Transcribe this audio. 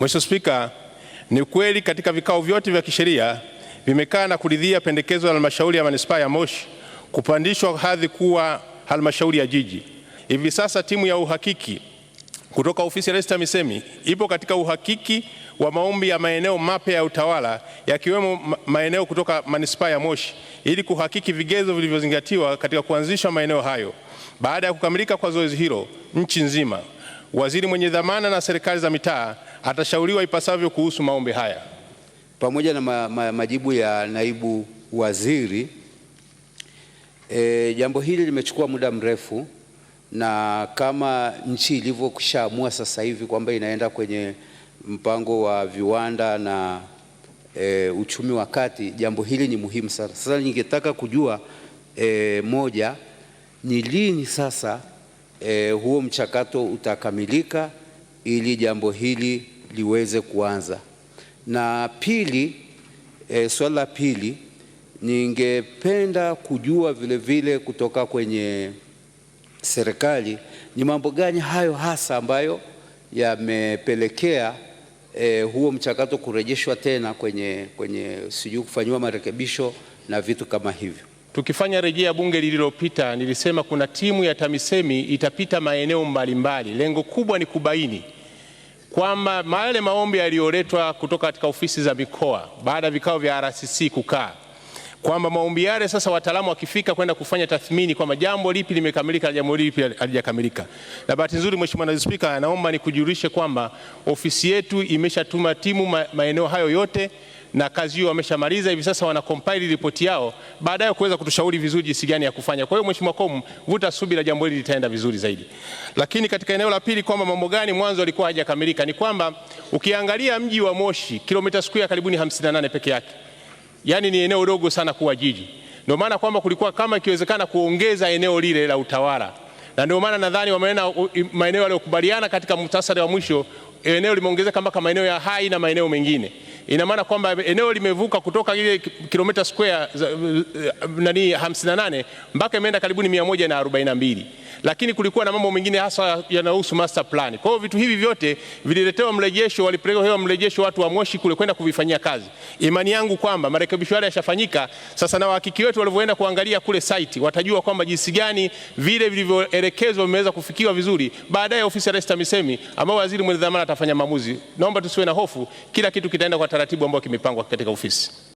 Mheshimiwa Spika, ni kweli katika vikao vyote vya kisheria vimekaa na kuridhia pendekezo la halmashauri ya manispaa ya Moshi kupandishwa hadhi kuwa halmashauri ya jiji. Hivi sasa timu ya uhakiki kutoka ofisi ya Rais TAMISEMI ipo katika uhakiki wa maombi ya maeneo mapya ya utawala yakiwemo maeneo kutoka manispaa ya Moshi ili kuhakiki vigezo vilivyozingatiwa katika kuanzisha maeneo hayo. Baada ya kukamilika kwa zoezi hilo nchi nzima, waziri mwenye dhamana na serikali za mitaa atashauriwa ipasavyo kuhusu maombi haya. Pamoja na ma, ma, majibu ya naibu waziri e, jambo hili limechukua muda mrefu, na kama nchi ilivyokwishaamua sasa hivi kwamba inaenda kwenye mpango wa viwanda na e, uchumi wa kati, jambo hili ni muhimu sana. Sasa ningetaka kujua e, moja ni lini sasa e, huo mchakato utakamilika ili jambo hili liweze kuanza. Na pili, e, swala la pili ningependa kujua vile vile kutoka kwenye serikali ni mambo gani hayo hasa ambayo yamepelekea e, huo mchakato kurejeshwa tena kwenye, kwenye sijui kufanyiwa marekebisho na vitu kama hivyo. Tukifanya rejea bunge lililopita, nilisema kuna timu ya TAMISEMI itapita maeneo mbalimbali mbali. Lengo kubwa ni kubaini kwamba yale maombi yaliyoletwa kutoka katika ofisi za mikoa baada ya vikao vya RCC kukaa kwamba maombi yale sasa wataalamu wakifika kwenda kufanya tathmini kwamba jambo lipi limekamilika na jambo lipi halijakamilika. Na bahati nzuri, Mheshimiwa Naibu Spika, naomba nikujulishe kwamba ofisi yetu imeshatuma timu maeneo hayo yote na kazi hiyo wameshamaliza, hivi sasa wana compile report yao, baadaye kuweza kutushauri vizuri jinsi gani ya kufanya. Kwa hiyo Mheshimiwa Komu, vuta subira, jambo hili litaenda vizuri zaidi. Lakini katika eneo la pili, kwamba mambo gani mwanzo alikuwa hajakamilika, ni kwamba ukiangalia mji wa Moshi kilomita square karibuni 58 peke yake, yani ni eneo dogo sana kuwa jiji. Ndio maana kwamba kulikuwa kama ikiwezekana kuongeza eneo lile la utawala, na ndio maana nadhani wameona maeneo yaliyokubaliana katika muhtasari wa mwisho, eneo limeongezeka mpaka maeneo ya Hai na maeneo mengine ina maana kwamba eneo limevuka kutoka ile kilomita square eh, nani 58 mpaka imeenda karibuni 142 lakini kulikuwa na mambo mengine hasa yanayohusu master plan. Kwa hiyo vitu hivi vyote vililetewa mrejesho, walipelekewa mrejesho watu wa Moshi kule kwenda kuvifanyia kazi. Imani yangu kwamba marekebisho yale yashafanyika sasa, na wahakiki wetu walivyoenda kuangalia kule site watajua kwamba jinsi gani vile vilivyoelekezwa vimeweza kufikiwa vizuri. Baadaye ofisi ya Rais TAMISEMI ambao waziri mwenye dhamana atafanya maamuzi. Naomba tusiwe na hofu, kila kitu kitaenda kwa taratibu ambayo kimepangwa katika ofisi.